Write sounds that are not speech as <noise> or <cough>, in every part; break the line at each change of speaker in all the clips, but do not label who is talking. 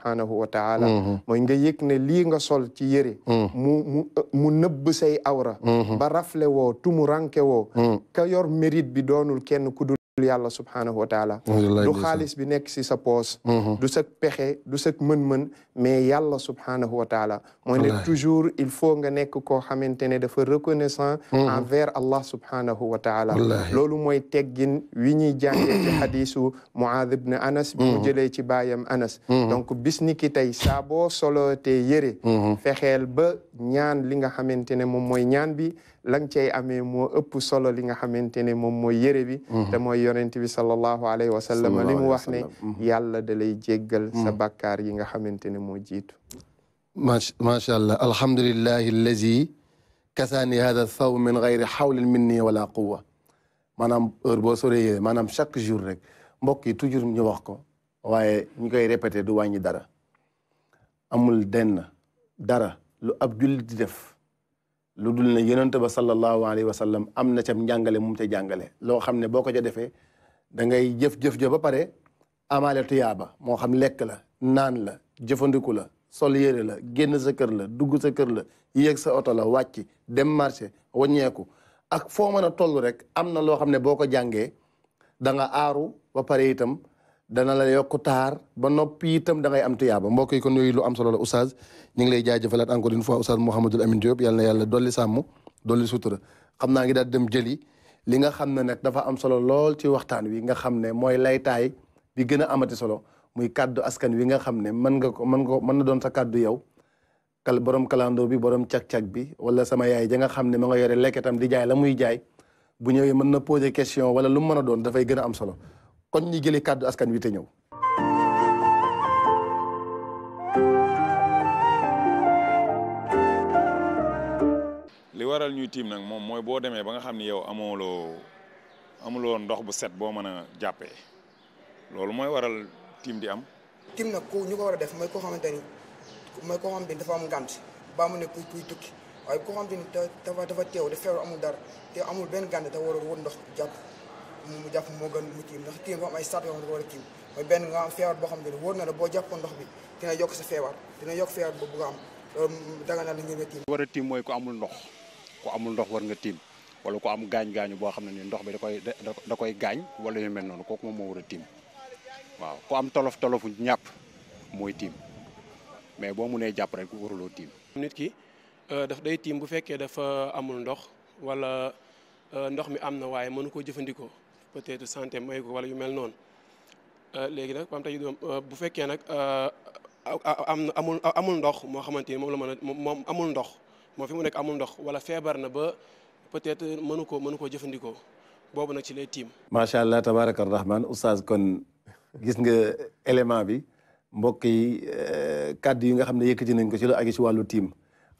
subhaanahu wa taala mm-hmm. nga yëg ne lii nga sol ci yëre mm. mu mu mu awra mm-hmm. ba rafle woo tumu ranke mm. ka yor mérite bi doonul kenn ku yàlla subhaanahu wa taala du xaalis bi nekk si sa poos mhm. du sa pexe du sa mën-mën mais yàlla subhaanahu wa taala mooy ne toujours il faut nga nekk koo xamante ne dafa reconnaissant mhm. envers allah subhaanahu wa taala loolu mooy teggin wi ñuy jàngee ci xadisu <coughs> Muaad ibn Anas bi mu mhm. jëlee ci baayam Anas donc bis ni sabo solo saa boo solootee ba ñaan li nga xamante ne ñaan bi lang nga cay amee moo ëpp solo li nga xamante ne moom mooy yëre bi mhm. te mooy yonent bi sallallahu alayhi wa sallam li mu wax ne mhm. yàlla da lay jéggal sa mhm. bàkkaar yi
nga xamante ne moo jiitu macha allah alhamdulillahi allazi kasaani hada saw min gayri xawlin minni wala quwa maanaam heure boo soree maanaam chaque jour rek mbokk yi toujours ñu wax ko waaye ñu koy répété du wàññi dara amul denn dara lu ab jullit di def lu dul ne yonent ba sallallahu alayhi wa sallam am na ca njàngale mu ca jàngale loo xam ne boo ko ca defee da ngay jëf-jëf ja ba pare amaale tuyaaba moo xam lekk la naan la jëfandiku la sol yére la génn sa kër la dugg sa kër la yéeg sa oto la wàcc dem marché waññeeku ak foo mën a toll rek am na loo xam ne boo ko jàngee da nga aaru ba pare itam dana la yokku taar ba noppi itam da ngay am tuyaaba mbokk yi kon yooyu lu am solo la oustaz ñu ngi lay jaajëfalaat encore une fois oustaz Mouhamadul Amin Diop yàlla na yàlla dolli sàmm dolli sutura xam naa ngi daal dem jëli li nga xam ne dafa am solo lool ci waxtaan wi nga xam ne mooy laytaay bi gën a amati solo muy kaddu askan wi nga xam ne mën nga ko mën nga mën na doon sa kàddu yow kal borom kalandoo bi borom cag-cag bi wala sama yaay ja nga xam ne ma nga yore leketam di jaay la muy jaay bu ñëwee mën na poser question wala lu mu mën a doon dafay gën a am solo kon ñi jëlee kàddu askan wi te ñëw.
li waral ñuy tiim nag moom mooy boo demee ba nga xam ni yow amooloo amuloo ndox bu set boo mën a jàppee loolu mooy waral tiim di am. tiim nag ku ñu ko war a def mooy koo xamante ni mooy koo xamante dafa am ngànt ba mu ne kuy tukki waaye koo xamante ni dafa teew dafa feebar amul dara te amul benn ngànt te warul woon ndox jàpp. mu jàpp moo gën mu tiim ndax tiim dafa am ay stade benn nga am boo xam ne wóor boo jàppoon ndox bi dina yokk sa feebar dina yokk feebar boobu nga am loolu a mooy ku amul ndox ku amul ndox war nga tiim wala ku am gaañ-gaañu boo xam ne ni ndox bi da koy da koy gaañ wala yu noonu kooku moom moo a tiim waaw ku am tolof tolofu ñàpp mooy tiim mais boo mënee jàpp rek waruloo tiim
nit ki euh, daf day tiim bu fekkee dafa euh, amul ndox wala euh, ndox mi am na waaye mënu koo jëfandikoo peut-être santé may ko wala yu mel noonu euh, léegi nag PAM euh, bu fekkee nag euh, am amul amul ndox moo xamante ni moom la mën a moom amul ndox moom fi mu nekk amul ndox wala feebar na ba peut-être mënu ko mënu koo jëfandikoo boobu nag ci lay tiim. macha allah tabaaraka rahman oustaz kon gis nga élément bi mbokk yi kàddu yi nga xam ne yëkkati nañ ko ci la aju ci wàllu tiim.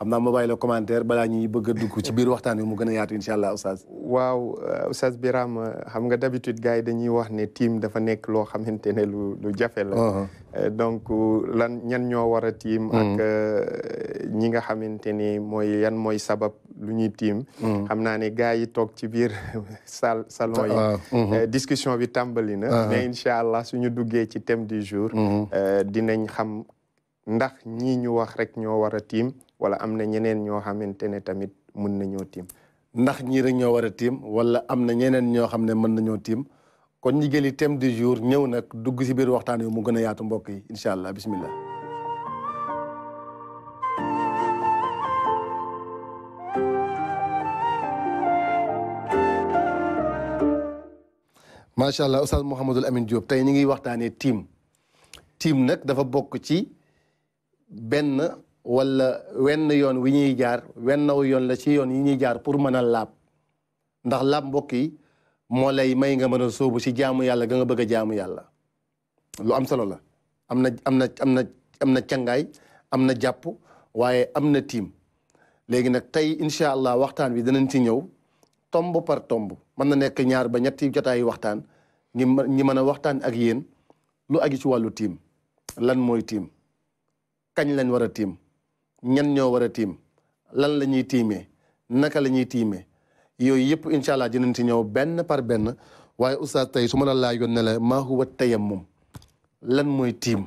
xam naa ma bàyyi la commentaire balaa ñuy bëgg a dugg ci biir waxtaan wi mu gën a yaatu incha allah oustaz waaw euh, oustaz Biram xam nga d'habitude
gars yi dañuy wax ne tiim dafa nekk loo xamante ne lu lu jafe la uh-huh. euh, donc lan ñan ñoo war a tiim ak mm. euh, ñi nga xamante ne mooy yan mooy sabab lu ñuy tiim mm. xam naa ne gars yi toog ci biir <laughs> sal salon yi uh-huh. mm-hmm. discussion bi tàmbali na uh-huh. mais incha allah suñu duggee ci thème du jour mm-hmm. dinañ xam ndax ñii ñu wax rek ñoo war a tiim wala am na ñeneen ñoo xamante ne tamit
mën nañoo tiim. ndax ñii rek ñoo war a tiim wala am na ñeneen ñoo xam ne mën nañoo tiim kon njigéeli thème du jour ñëw nag dugg si biir waxtaan wi mu gën a yaatu mbokk yi incha allah bismillah macha allah oustaz Mouhamadul Amin Diop tey ñu ngi waxtaanee tiim tiim nag dafa bokk ci benn walla wenn yoon wi ñuy jaar wennaw yoon la ci yoon yi ñuy jaar pour mën a laab ndax laab mbokk yi moo lay may nga mën a sóobu si jaamu yàlla ga nga bëgg a jaamu yàlla lu am solo la am na am na am na am na cangaay am na jàpp waaye am na tiim léegi nag tey incha allah waxtaan wi danañ si ñëw tomb par tomb mën na nekk ñaar ba ñetti jotaayu waxtaan ñi ñi mën a waxtaan ak yéen lu aju ci wàllu tiim lan mooy tiim kañ lañ war a tiim ñan ñoo war a tiim lan la ñuy tiimee naka la ñuy tiimee yooyu yëpp incha allah dinañ ci ñëw benn par benn waaye oustaz tey su ma la laajoon ne la maa huwa tayammum lan mooy tiim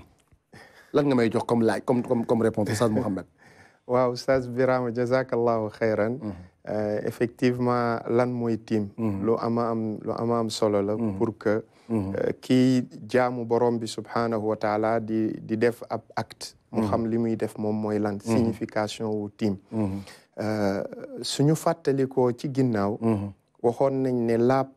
lan nga may jox comme laaj comme comme comme réponse oustaz Mouhamed
<laughs> waaw oustaz Birama jazakallahu xayran mhm. euh, effectivement lan mooy tiim mhm. loo ama am lu ama am solo la mhm. pour que euh, kii jaamu borom bi subhanahu wa di di def ab act mu mm-hmm. li muy def moom mooy lan mm-hmm. signification wu tiim mm-hmm. euh, suñu fàttalikoo ci ginnaaw waxoon nañ ne laab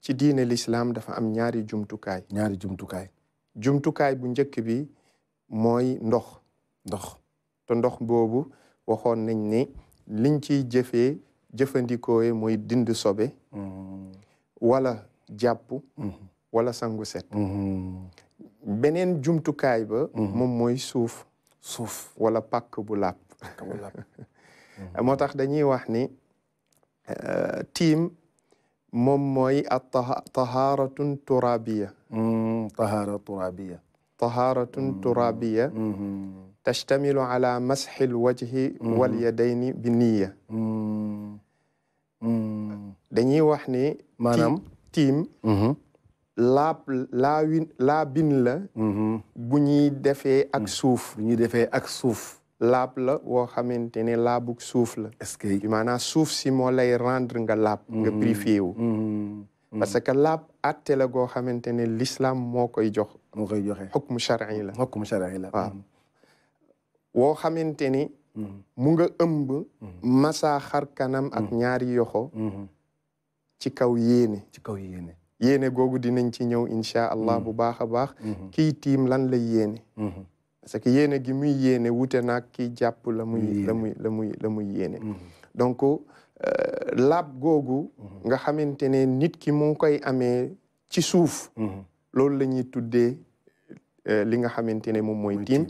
ci diine lislaam dafa am ñaari jumtukaay ñaari jumtukaay jumtukaay bu njëkk bi mooy ndox ndox te ndox boobu waxoon nañ ne liñ ciy jëfee jëfandikooye mooy dind sobe wala jàpp wala sangu set beneen jumtukaay ba moom mooy suuf suuf wala pàkk bu làpp <laughs> moo tax dañuy wax ni euh, tiim moom mooy at tahaaratun turabiya mm-hmm. tahaara turabiya tahaaratun mm-hmm. turabiya mm-hmm. tashtamilu ala masxi lwajhi walyadayni bi niya dañuy wax ni maanaam tiim laab laawin laabin la. Mm-hmm. bu ñuy defee ak suuf. Mm-hmm. bu ñuy defee ak suuf. laab la woo xamante ne laabug suuf la. est-ce que maanaam suuf si moo lay rendre nga laab. nga mm-hmm. purifié wu. parce que laab atte la goo xamante ne l'islam moo koy jox. moo koy joxe xukmu shar'i la. xukmu shar'i la waaw. woo xamante ni. mu nga ëmb. massa xar kanam ak ñaari yoxo. ci kaw yéene. ci kaw yéene. yéene googu dinañ ci ñëw incha allah bu mm-hmm. baax a baax mm-hmm. kii tiim lan la yéene mm-hmm. parce que yéene gi muy yéene wute naag kii jàpp la muy la muy la muy la muy yéene donc euh, laab googu nga xamante ne nit ki mu koy amee ci suuf loolu la ñuy tuddee euh, li nga xamante ne moom mooy tiim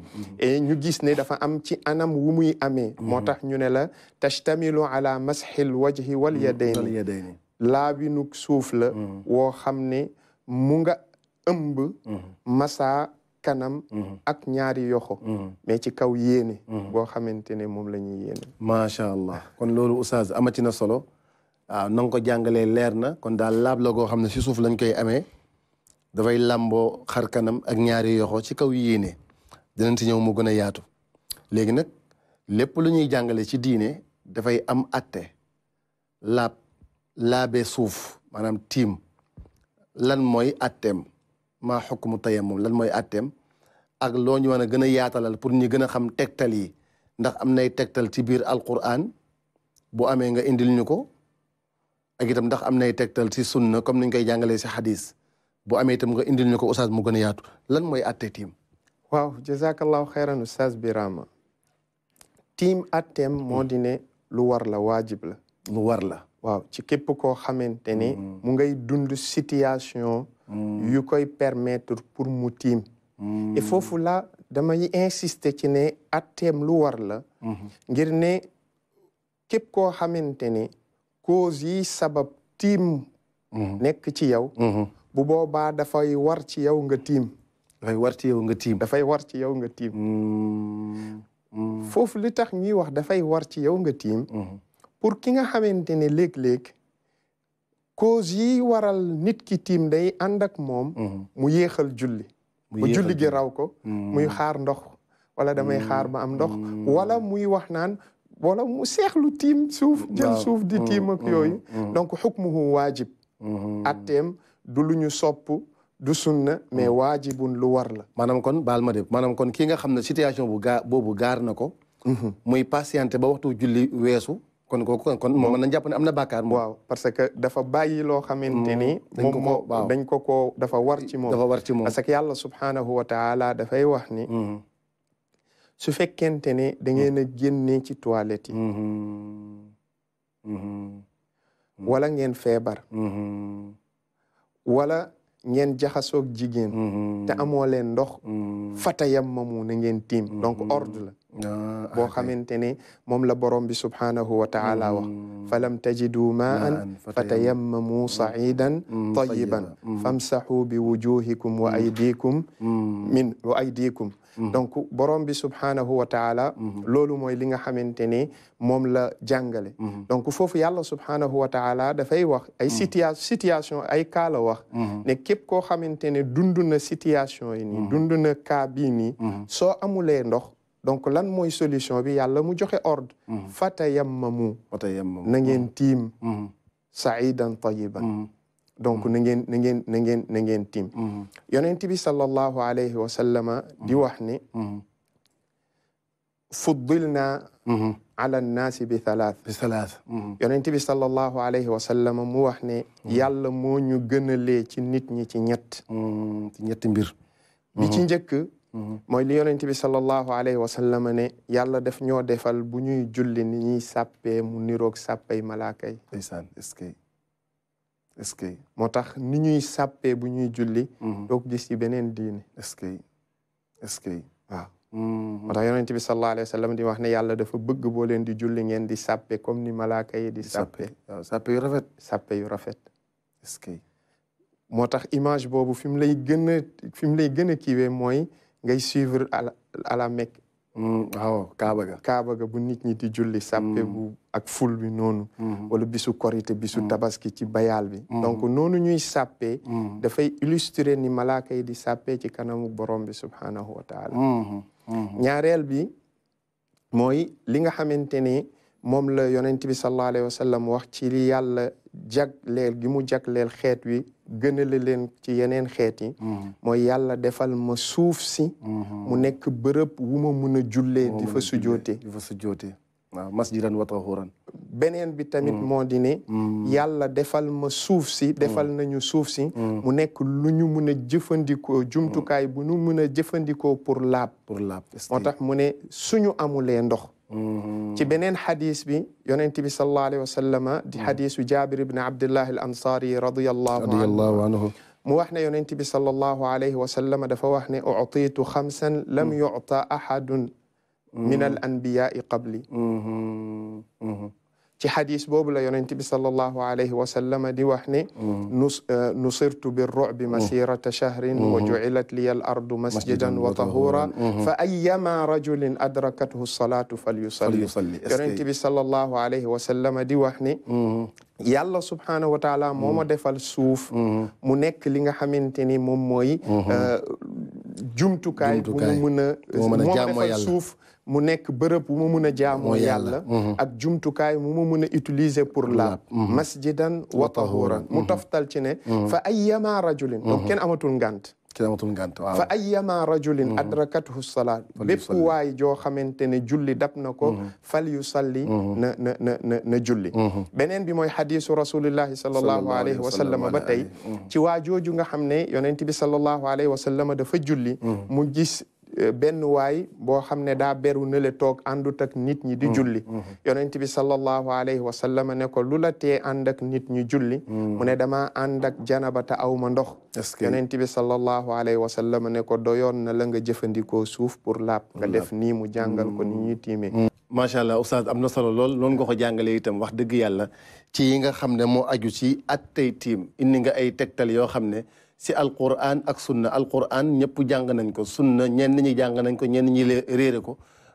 ñu gis ne dafa am ci anam wu muy amee moo tax ñu ne la tashtamilu ala mashil wajhi wal yadayni laabinuk suuf la mm-hmm. woo xam ne mu nga ëmb mm-hmm. kanam mm-hmm. ak ñaari yoxo
mais ci kaw yéene boo xamante ne moom la ñuy yéene allah kon loolu oustaz amati na solo waaw ah, na nga leer na kon daal laab la goo xam ne si suuf lañ koy amee dafay làmboo xar kanam ak ñaari yoxo ci kaw yéene dinañ si ñëw mu gën a yaatu léegi nag lépp lu ñuy jàngale ci diine dafay am atte laab laabe suuf maanaam tiim lan mooy atteem maa xukmu tayammum lan mooy atteem ak loo ñu mën a gën a yaatalal pour ñu gën a xam tegtal yi ndax am nay tegtal ci biir alquran boo amee nga indil ñu ko ak itam ndax am nay tegtal ci sunna comme niñ koy jàngalee ci xadis boo amee tam nga indil ñu ko oustaz mu gën yaatu lan mooy atte tiim waaw jazakallahu
xayran oustaz Birama tiim atteem moo di ne
lu war la waajib
la lu war la waaw ci képp koo xamante ni mm-hmm. mu ngay dund situation mm-hmm. yu koy permettre pour mu tiim mm-hmm. et foofu la dama damay insister ci ne atteem lu war la ngir ne képp koo xamante ni cause yi sabab tiim nekk ci yow bu boobaa dafay war ci yow nga tiim dafay war ci yow nga tiim dafay war ci yow nga tiim foofu li tax ñuy wax dafay war ci yow nga tiim pour ki nga xamante ne léeg-léeg cause yi waral nit ki tiim day ànd ak moom mhm. mu yéexal julli mu julli gi raw ko mhm. muy xaar ndox wala damay mhm. xaar ba am ndox wala muy wax naan wala mu seexlu tiim suuf suuf di tiim ak yooyu donc xukmuhu waajib atteem du lu ñu
sopp du sunna mais waajibun lu war la maanaam kon baal ma de kon kii nga xam ne situation bu gaa gaar na ko muy patienté ba waxtu julli weesu kon kooku kon moom mën jàpp ne am na bàkkaar waaw parce que dafa bàyyi loo xamante ni moom moo dañ ko
ko dafa war ci moom war ci moom parce que yàlla subhaanahu wa taala dafay wax ni mm-hmm. su fekkente ne da ngeen a génne ci toilette mm-hmm. Mm-hmm. wala ngeen feebar wala ngeen jaxasoog jigéen te amoo leen ndox fatayam mamu na ngeen tiim donc ordre la Ah, ah, boo xamante ne moom la borom bi subhaanahu wa taala wax mm. falam tajiduu maan fatayammamu saidan mm, mm, tayiban famsaxu bi wujuhikum wa aydikum min wa aydikum donc borom bi subhaanahu wa taala mm-hmm. loolu mooy li nga xamante ne moom la jàngale mm-hmm. donc foofu yàlla subhaanahu wa taala dafay wax ay situa situation ay kaa la wax mm-hmm. koo xamante ne dund na situation yi nii dund na amulee ndox donc lan mooy solution bi yàlla mu joxe ordre mhm. fatayammamu fatayammamu na ngeen mhm. tiim mhm. saidan tayiban donc na ngeen na ngeen na ngeen na ngeen tiim yonent tibi sallallahu alayhi wa sallama di wax ni fuddilna ala nnaasi bi thalath bi thalath yonent bi alayhi wa mu wax ne yàlla moo ñu gënalee ci nit ñi ci ñett mbir bi ci njëkk mooy li yonent bi sallallahu alayhi wa sallam ne yàlla def ñoo defal bu ñuy julli ni ñuy sàppee mu niroog sàppay malaaka yi ndeysaan est-ce moo tax ni ñuy sàppee bu ñuy julli mhm. doog gis ci beneen diine est-ce que est bi sallallahu alayhi wa sallam di wax ne yàlla dafa bëgg boo leen di julli ngeen di sàppe comme ni di sàppe waaw yu rafet sàppe yu rafet est moo tax image boobu fi mu lay gën a lay gën a kiiwee mooy ngay suivre alamek la à la mm, bu nit ñi di julli. sàppe mm. bu ak ful bi noonu. Mm-hmm. wala bisu korite bisu mm. tabaski ci bayaal bi. Mm-hmm. donc noonu ñuy sàppe. Mm-hmm. dafay illustrer ni malaaka yi di sàppe ci kanamu borom bi subhanahu wa taala. ñaareel bi mooy li nga xamante ne. moom la yonent bi sallallahu alayhi wa wax ci li yàlla jagleel gi mu leel xeet wi gënale leen ci yeneen xeet yi mhm. mooy yàlla defal ma suuf si mhm. mu nekk bërëb wu ma mun a jullee di fa sujoote di fa sujoote masjidan wa tahuran beneen bi tamit mhm. moo di ne yàlla defal ma suuf si defal nañu suuf si mu nekk lu ñu mun a jëfandikoo jumtukaay bu ñu mun a jëfandikoo pour laab pour laab tax mu ne suñu amulee ndox
Mm-hmm.
ci beneen xadis bi yonent bi sallallahu alayhi wa sallama di mm. xadisu jabir ibn abdullah al ansari radiyallahu anhu mu wax ne yonent bi sallallahu alayhi wa sallama dafa wax ne uctiitu xamsan lam mm. yucta axadun min mm. al anbiyaai qabli mm-hmm. Mm-hmm. ci xadis boobu la yonent bi sallallahu alayhi wa sallam di wax ne mm. nus eh, nusirtu bir ru'bi mm. masirata shahrin wa mm-hmm. ju'ilat liya al ardu masjidan wa tahura mm-hmm. fa ayyama rajulin adrakathu salatu falyusalli yonent bi sallallahu alayhi wa sallam di wax ne mm-hmm. yàlla subhaanahu wa taala moo ma defal suuf mu nekk li nga xamante ni moom mooy eh, jumtukaay bu mu mën a moo ma defal suuf mu nekk bërëb bu ma mun a jaamoo yàlla mhm. ak jumtukaay mu ma mun a utiliser pour laab mhm. masjidan wa tahuran mu mhm. toftal ci ne fa ayyama rajulin donc kenn amatul ngànt kenn amatul ngànt waaw fa ayyama rajulin adrakathu salaat bépp waay joo xamante ne julli dab na ko fal yusalli na na na na na julli beneen bi mooy xadisu rasulillahi sallallahu alayhi wa sallam ba tey ci waa jooju nga xam ne yonent bi sallallahu alayhi wa sallam dafa julli mu gis Euh, benn waay boo xam ne daa beru ne le toog àndut tak nit ñi di mm-hmm. julli mm-hmm. yonent bi sallallahu alayhi wa sallam ne ko lu la tee ànd ak nit ñi julli mm-hmm. mu ne damaa ànd ak janaba te aw ma ndox yonent bi sallallahu alayhi wa sallam ne ko doyoon na la nga jëfandikoo suuf pour laab nga def
nii mu jàngal ko nit ñuy tiimee macha allah oustaz am na solo lool noonu nga ko jàngalee itam wax dëgg yàlla ci yi nga xam ne moo aju ci at tey tiim indi nga ay tegtal yoo xam ne si alquran ak sunna alquran ñëpp jàng nañ ko sunna ñenn ñi jàng nañ ko ñenn ñi réere ko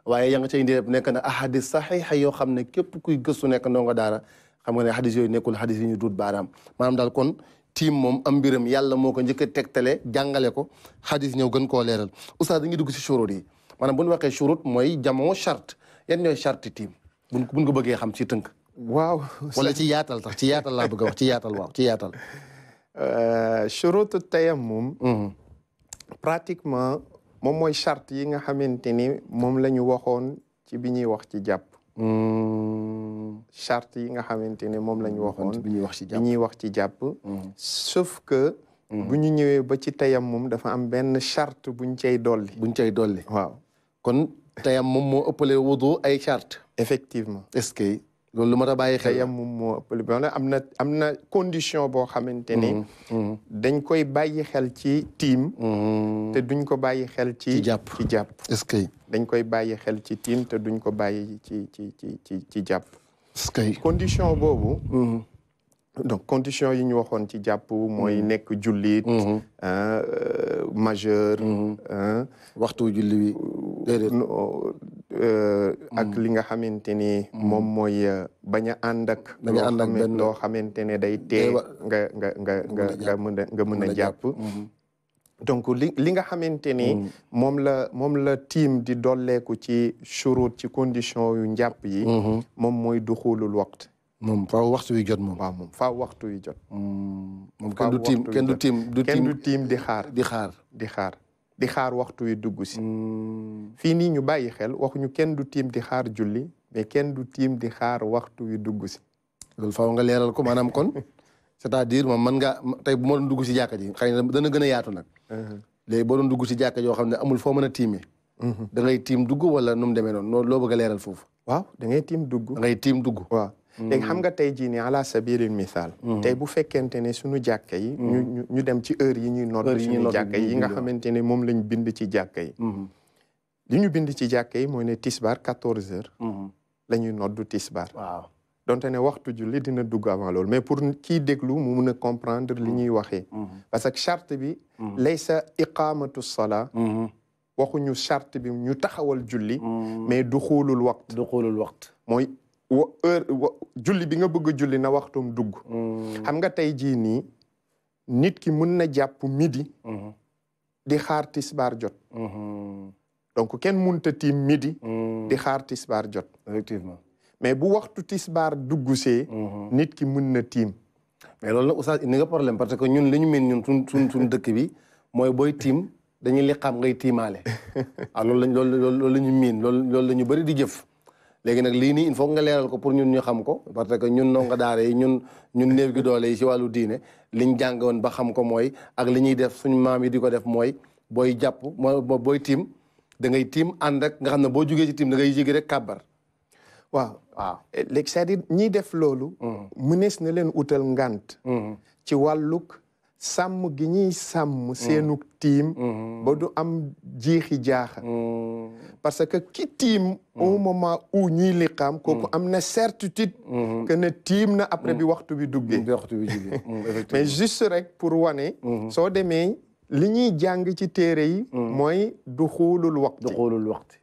waaye ya nga cay ndéep nekk na ahadis saxiixa yoo xam ne képp kuy gëstu nekk ndongo daara xam nga ne hadis yooyu nekkul hadis yi ñu duut baaraam maanaam daal kon tiim moom am mbiram yàlla moo ko njëkk a tegtale jàngale ko xadis ñëw gën koo leeral oustaz dañuy dugg si churut yi maanaam bu ñu waxee churut mooy jamoo charte yan ñooy charte tiim buñ buñ ko bëggee xam ci tënk waaw wala ci yaatal tax ci yaatal laa bëgg wax ci yaatal waaw ci yaatal churutu euh,
tayammum mm-hmm. pratiquement moom mooy charte yi nga xamante ni moom la ñu waxoon ci bi ñuy wax ci jàpp mm-hmm. charte yi nga xamante ni moom la ñu waxoon bi ñuy wax ci jàpp ñuy wax ci jàpp sauf que mm-hmm. bu ñu
ñëwee ba ci tayammum dafa am benn charte buñ cay dolli buñ cay dolli waaw kon tayammum moo ëppale wudu ay charte effectivement est-ce que loolu lu mat a bàyyi xel yam
moom moo ëpp am na am na condition boo xamante ni. Mm-hmm. Mm-hmm. dañ koy bàyyi xel ci tiim. Mm-hmm. te duñ ko bàyyi xel ci. ci jàpp ci jàpp. ce que dañ koy bàyyi xel ci tiim te duñ ko bàyyi ci ci ci ci ci jàpp. que condition boobu. donc condition yi ñu waxoon ci jàpp mooy nekk jullit. Euh, majeur. waxtu julli wi Euh, ak mm. li nga xamante ni mm. moom mooy euh, bañ a ànd ak ànd ak benn loo xamante ne day tee nga nga nga nga nga mën a nga li li nga xamante ni mm. moom la moom la tiim di dolleeku ci churut ci condition yu njàpp yi mm-hmm. moom mooy duxulul waxt moom faaw waxtu wi jot mom waaw moom faaw waxtu wi jot moom kenn du tiim di xaar di xaar di xaar di xaar waxtu wi dugg si hmm. fii nii ñu bàyyi xel waxuñu kenn du tiim di xaar julli mais kenn du tiim di xaar waxtu wi dugg si
loolu faaw nga leeral ko maanaam kon <laughs> c'est-à-dire moom man nga tey bu ma dugg si jàkka ji xëy na dana gën a yaatu nag uh-huh. léegi boo doon dugg si jàkka joo xam ne amul foo mën a tiimee uh-huh. da tiim dugg wala nu mu demee noonu loo bëgg leeral foofu waaw dangay tiim dugg da tiim dugg waaw Mm-hmm. léegi xam
nga tey jii nii ala sabilil misaal mm-hmm. tey bu fekkente ne suñu jàkka yi ñu mm-hmm. ñu dem ci heure yi ñuy nodd suñu jàkka yi nga xamante ne moom lañ bind ci jàkka yi li ñu bind ci jàkka yi mooy ne tisbaar quatorze heures la ñuy noddu tisbaar waaw donte ne waxtu julli dina dugg avant mais pour kii déglu mu mun a comprendre li ñuy waxee parce que charte bi laysa iqamatu salaa waxuñu charte bi ñu taxawal julli mais duxulul waqt duxulul waqt mooy wa julli bi nga bëgg a julli na waxtum dugg mm. xam nga tey jii nii nit ki mën na jàpp midi mm-hmm. di xaar tisbaar jot mm-hmm. donc kenn mun ta tiim midi mm. di xaar tisbaar jot effectivement mais bu waxtu tisbaar dugg see mm-hmm. nit ki mun na tiim
mais loolu nag oustaz indi nga problème parce que ñun li ñu mel ñun suñ suñ dëkk bi mooy booy tiim dañuy liqaam ngay tiimaale <laughs> ah loolu lañ loolu loolu ñu miin loolu loolu la ñu bëri di jëf léegi nag lii nii il faut nga leeral ko pour ñun ñu xam ko parce que ñun ndongo daara yi ñun ñun néew gi doole yi ci wàllu diine liñ woon ba xam ko mooy ak li ñuy def suñu maam yi di ko def mooy booy jàpp mooy booy tiim dangay tiim ànd rek nga xam ne boo jugee ci tiim da ngay jigi rek kabar waaw waaw
eh, léegi cest à def loolu mm-hmm. mënees na leen utel ngant mm-hmm. ci wàlluk sàmm gi ñuy sàmm seenug mm. tiim mm-hmm. ba du am jiixi jaaxa mm. parce que ki tiim mm. au moment où ñuy liqaam kooku am na certitude mm-hmm. que ne tiim na après bi waxtu bi duggee
<laughs> mais juste
rek pour wane mm-hmm. soo demee li ñuy jàng ci téere yi mooy du waqti duxuulul waqti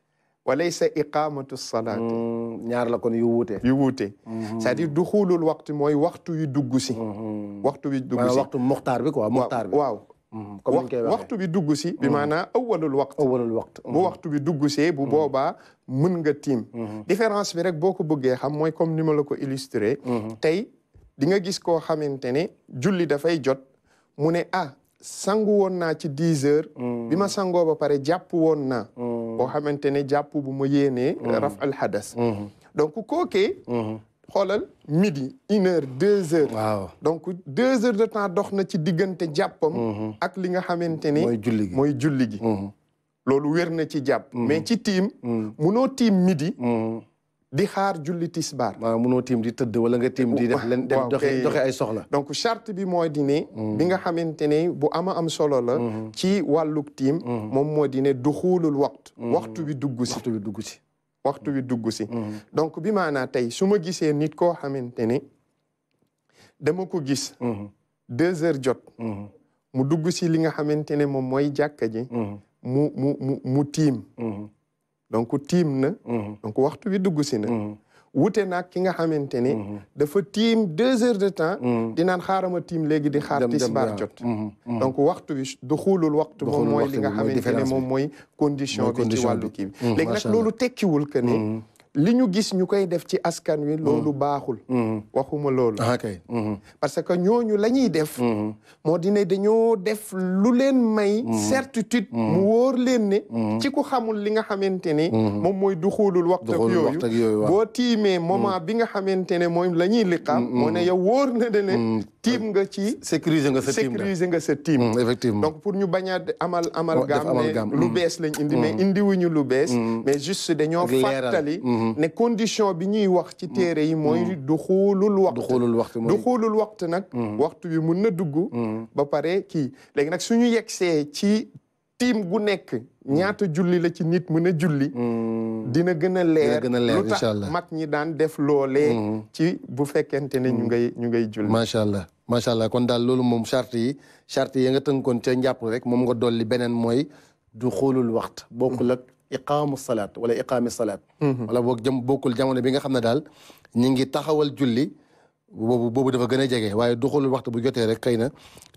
walaysa iqamatu salaati mm, ñaar la kon yu wuute yu wuute mm-hmm. c'est-à-dire duxulul waxtu mooy waxtu yu dugg si mm-hmm. waxtu wi waxtu muxtaar bi quoi bi waaw
mm-hmm. waxtu
bi dugg si bi maanaam waxtu awwalul bi dugg see bu boobaa mën nga tiim différence bi rek boo ko bëggee xam mooy comme ni ma la ko illustré tey di nga gis koo xamante ne julli dafay jot mu ne ah sangu woon naa ci dix heures bi ma sangoo ba pare jàpp woon naa boo xamante ne bu ma yéenee mm-hmm. raf al hadas mm-hmm. donc kookee mm-hmm. xoolal midi une heure deux heures waaw donc deux heures de temps dox na ci diggante jàppam ak li nga xamante ne mooy mooy julli ci jàpp mais ci tiim munoo tiim midi di xaar julli tisbaar. waaw mënoo tiim di tëdd wala nga tiim di def leen dem doxe doxe ay soxla. donc charte bi mooy di mm-hmm. bi nga xamante ne bu ama am solo la. Mm-hmm. ci wàlluk tiim. Mm-hmm. moom moo di ne duxulul waxtu. waxtu bi dugg si bi dugg si. waxtu bi dugg si. bi maanaa tey su ma gisee nit koo xamante ne dama ko gis. deux heures jot. mu dugg si li nga xamante ne moom mooy jàkka ji. mu mu tiim. donc tiim na mhm. donc waxtu wi dugg si na mhm. wute naag ki nga xamante ni mhm. dafa tiim deux heures de temps dinaan xaarama tiim léegi di xaar tisbaar jot donc waxtu wi du xuulul waxtu moom mooy li nga xamante ne moom mooy condition bi ci wàllu kii bi léegi nag loolu tekkiwul que li ñu gis ñu koy def ci askan wi. Mm-hmm. loolu baaxul. Mm-hmm. waxuma loolu. Ah, mm-hmm. parce que ñooñu la ñuy def. moo di ne def lu leen may. certitude. mu wor leen ne. ci ku xamul li nga xamante ne. moom mooy duxulul waxtu ak yooyu boo tiimee moment bi nga xamante ne moom la ñuy liqaam. moo ne yow wóor na de ne. tiim nga ci. sécuriser nga sa tiim sécuriser nga sa tiim. effectivement donc pour ñu bañ a amal amal. gaam lu bees lañ indi mais indiwuñu lu bees. mais juste dañoo fàttali. Mhm. ne condition bi ñuy wax ci mhm. téere yi mooy mhm. du xuulul waxtu du xuulul waxtu nag waxtu bi mun a dugg ba pare kii léegi nag suñu see ci tiim gu nekk ñaata julli la ci nit mën a julli
dina gën a leer lu tax mag ñi daan def loole ci bu fekkente ne ñu ngay ñu ngay julli macha allah macha allah kon daal loolu moom charte yi charte yi nga tënkoon ca njàpp rek moom nga dolli beneen mooy du xoolul waxtu bokkul ak iqaamu salaat wala iqaami salaat mhm. wala boog jëm bokkul jamono bi nga xam ne daal ñi ngi taxawal julli boobu boobu dafa gën a jege waaye duxulul waxtu bu jotee rek xëy na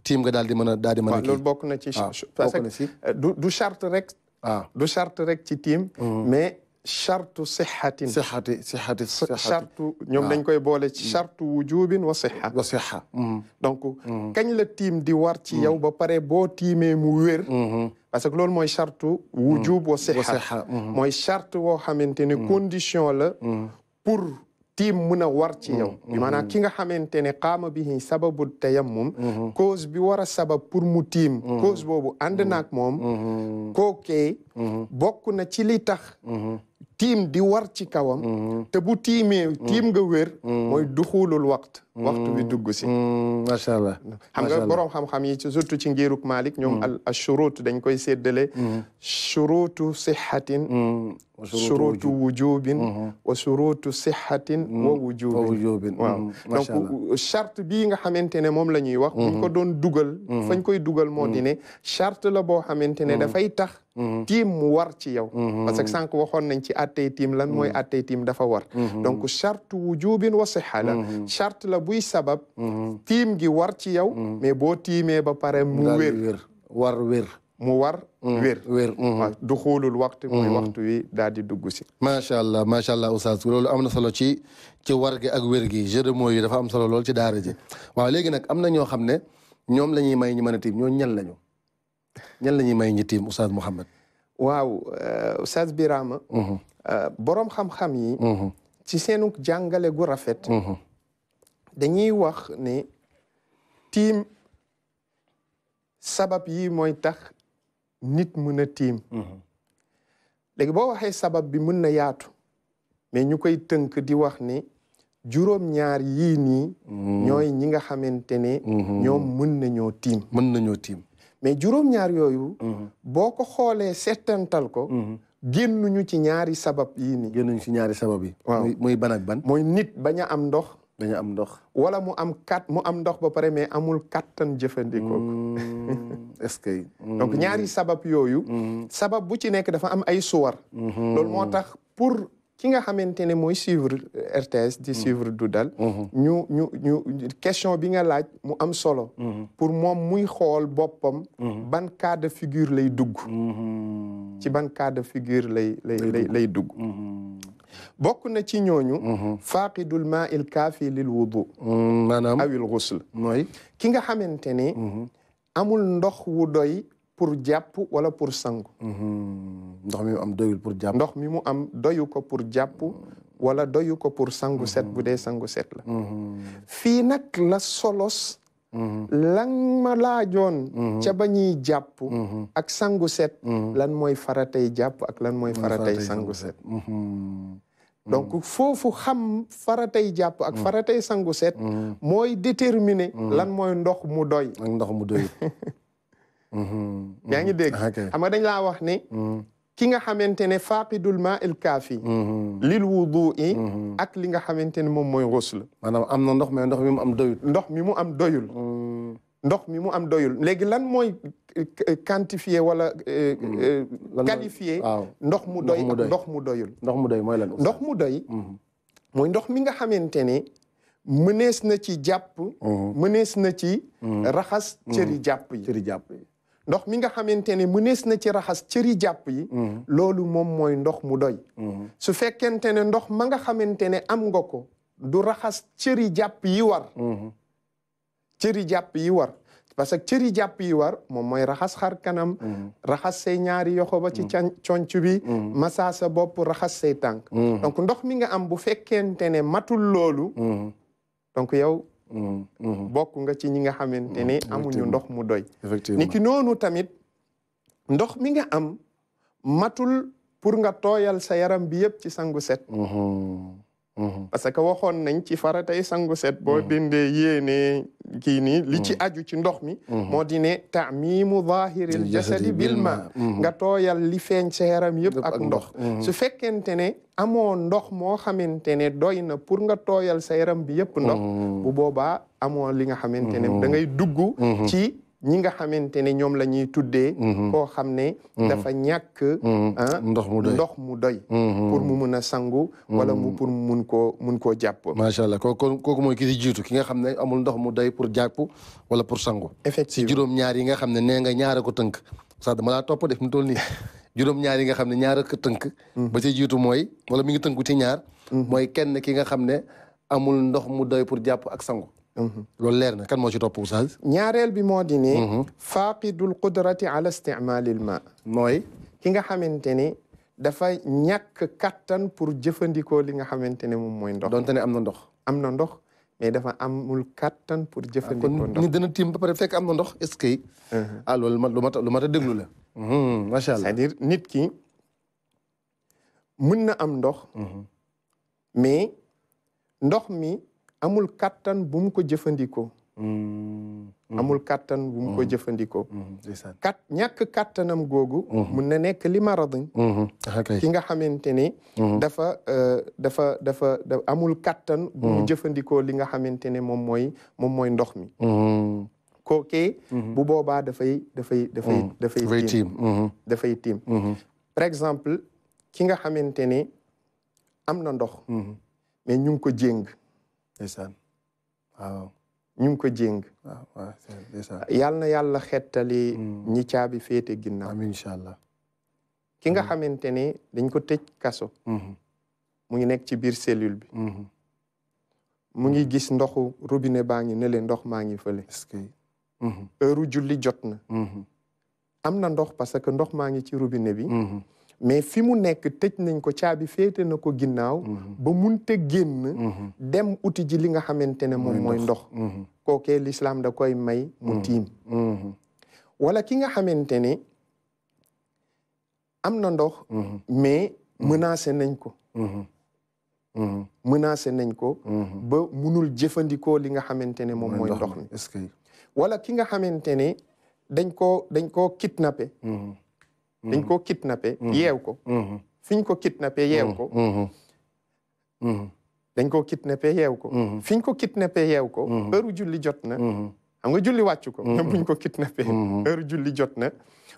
tiim nga daal di mën daal di mën a loolu bokk na ci ah, parce que euh, du du charte rek waaw ah. du charte rek ci tiim mhm. mais
chartu sixatin sixati sixati chartu ah. ñoom dañ koy boole ci chartu mm. wujubin wa sixa wa sixa mm. donc mm. kañ la tiim di war ci yow ba pare boo tiimee mu wér mm-hmm. parce que loolu mooy chartu wujub wa sixa mm-hmm. mooy charte woo xamante ne condition la pour tiim mun a war ci yow bi maanaam mm-hmm. ki nga xamante ne qaama bihi sababu tayammum cause bi war a sabab pour mu tiim cause boobu ànd naag moom kookee bokk na ci li tax tiim di war ci kawam mhm. te bu tiimee tiim nga wér mhm. mooy duxulul waqt waxtu bi dugg si. Mm, mm, macha allah xam nga borom xam-xam yi ci surtout ci ngiruk Malik. ñoom mm. al ashurut dañ koy séddale. shurutu sixatin. shurutu wujubin. wa shurutu mm-hmm. sixatin wa wujubin. waaw donc charte bii nga xamante ne moom la ñuy wax. buñ mm-hmm. ko doon dugal. Mm-hmm. fañ koy dugal moo di ne charte la boo xamante ne dafay tax. tiim mu war ci yow. parce que sànq waxoon nañ ci attey tiim lan mooy attey tiim dafa war. donc charte wujubin wa sixa la buy sabab mhm. tiim gi war ci yow mhm. mais boo tiimee ba pare mu wér
war wér mu war mhm. wér wér waaw du xuulul waxtu muy wi daal di dugg si macha allah macha allah oustaz lool am na solo ci ci war gi ak wér gi jeu de yi dafa am solo lool ci daara ji waaw léegi nag am na ñoo xam ne ñoom la ñuy may ñu mën a tiim ñan lañu ñan la ñuy may ñu tiim oustaz Mouhamed waaw euh, oustaz Birama
euh, borom xam-xam yi ci seenu jàngale gu rafet dañuy wax ni tiim sabab yii mooy tax nit mën a tiim mhm. léegi boo waxee sabab bi mën na yaatu mais ñu koy tënk di wax ni juróom ñaar yii nii mhm. ñooy ñi nga xamante ne mhm. ñoom mën nañoo tiim mën nañoo tiim mais juróom ñaar yooyu boo ko xoolee seetantal ko génnuñu ci ñaari sabab yii nii génnuñu ci ñaari sabab yi ni muy ban ban mooy nit bañ a am ndox dañu am ndox wala mu am kat mu am ndox ba pare mais amul kattan tan ko mm. est-ce que <laughs> ñaari mm. sabab yooyu mm. sabab bu ci nekk dafa am ay suwar mm-hmm. loolu moo tax pour ki nga xamante ne mooy suivre RTS di suivre Dudal mm-hmm. ñu ñu ñu question bi nga laaj mu am solo mm-hmm. pour moom muy xool boppam ban cas de figure lay dugg ci ban cas de figure lay lay lay dugg bokk na ci ñooñu mhm. faaqidul maa il kaafi lil mm, maanaam awil ghusl mooy ki nga xamante ni mhm. amul ndox wu doy pour jàpp wala pour sangu mhm. ndox mi am doyul pour jàpp ndox mi mu am doyu ko pour jàpp wala doyu ko pour sangu set bu dee sangu set la fii nag la solos lan ma laajoon ca jàpp ak sangu set lan mooy faratay jàpp ak lan mooy faratay sangu set donc mm. foofu xam faratay jàpp ak mm. faratay sangu set mm. mooy déterminer lan mooy ndox mu doy ak ndox mu doy <laughs> mm-hmm. yaa ngi dégg mm-hmm. xam nga dañ laa wax ne ki nga xamante ne faaqidul maa il kaafi mm-hmm. lil wudu'i ak li nga xamante ne moom mooy maanaam am na ndox mais ndox mi mu am doyul ndox mi mu am doyul ndox mi mu am doyul léegi lan mooy quantifier wala hmm. euh, euh, qualifier ndox mu doy ndox mu doyul ndox mu doy mooy lan ndox mu doy hmm. ndox mi nga xamante ne mënees na ci jàpp hmm. mënees na ci raxas cëri jàpp yi cëri jàpp ndox mi nga xamante ne mënees na ci raxas cëri jàpp yi loolu moom mooy ndox mu doy su fekkente ne ndox ma nga xamante ne am nga ko du raxas cëri jàpp yi war cëri jàpp yi war parce que cëri jàpp yi war moom mooy raxas xar kanam mm-hmm. raxas say ñaari yoxo ba ci mm-hmm. can conc bi mm-hmm. massa sa bopp raxas say tànk donc ndox mi nga am bu fekkente ne matul loolu donc yow bokk nga ci ñi nga xamante ne amuñu ndox mu doy ni ki noonu tamit ndox mi nga am matul pour nga tooyal sa yaram bi yëpp ci sangu set Mm-hmm. parce que waxoon nañ ci faratay sangu set boo mm-hmm. dindee yéene kii nii li ci mm-hmm. aju ci ndox mi moo di ne taamimu zahiril jasadi bil ma nga tooyal li feeñ sa yaram yëpp ak ndox su fekkente ne amoo ndox moo xamante ne doy na pour nga tooyal sa yaram bi yëpp ndox bu boobaa amoo li nga xamante ne da ngay dugg ci ñi nga xamante ne ñoom la ñuy tuddee mhm. koo xam ne mhm. dafa ñàkk mhm. ah, ndox mu doy ndox mu doy
pour mu mun a sangu wala mu pour mu mun koo mun koo jàpp macha allah kooku kooku mooy ki di jiitu ki nga xam ne amul ndox mu doy pour jàpp wala pour sangu effectivement juróom ñaar yi nga xam ne nee nga ñaara ko tënk sax dama topp def mu toll nii <laughs> juróom ñaar yi nga xam ne ñaara tënk ba ci jiitu mooy wala mi ngi tënku ti ñaar mooy kenn ki nga xam ne amul ndox mu doy pour jàpp ak sangu Mhm. loolu leer na kan moo ci topp oustaz
ñaareel bi moo di ne mhm. faaqidul qudrati ala isticmaalil ma mooy ki nga xamante ni dafa ñàkk kattan pour jëfandikoo li nga xamante ne moom mooy ndox donte ne am na ndox am na ndox mais dafa
amul kattan pour jëfandikoo ah, ndox ni dana tiim ba pare fekk am na ndox est-ce que mhm. ah loolu lu mat lu mat a déglu macha allah cest nit ki
mën na am ndox mais ndox mi amul kàttan bu mu ko jëfandikoo mm-hmm. amul kàttan mm-hmm. jëfandikoo mm-hmm. ñàkk kàttanam googu mun na nekk li maradin ki nga xamante ni euh, dafa dafa dafa amul kàttan bu mu jëfandikoo li nga xamante ne moom mooy moom mooy ndox mi bu boobaa dafay dafay dafay dafay tiim par exemple ki nga xamante ne am na ndox mais ñu ngi ko jéng ndeysaan ñu ngi ko jéng waaw waaw yal na yàlla xettali mm. ñi caabi féete ginna amiin ki nga mm. xamante ni dañ ko tëj kaso mm-hmm. mu ngi nekk ci biir cellule bi mm-hmm. mu ngi gis ndoxu robinet baa ngi ne leen ndox maa ngi fële mm-hmm. heure julli jot na am na ndox parce que ndox maa ngi ci robinet bi mais fi mu nekk tëj nañ ko caabi féete na ko ginnaaw mhm. ba munte génn mhm. dem uti ji li nga xamante ne moom mooy ndox mhm. lislaam da koy may mu tiim wala ki nga xamante ne am na ndox mais menacé nañ ko menacé nañ ko ba munul jëfandikoo li nga xamante ne moom mooy ndox wala ki nga xamante ne dañ koo dañ koo kidnappé dañ koo kidnappé yeew ko mm-hmm. fi ñu ko kidnappé yeew ko dañ koo kidnappé ko fi ñu ko kidnappé yeew ko heure julli jot na mm-hmm. xam nga julli wàccu ko même mm-hmm. <laughs> bu ko kidnappé heure julli jot na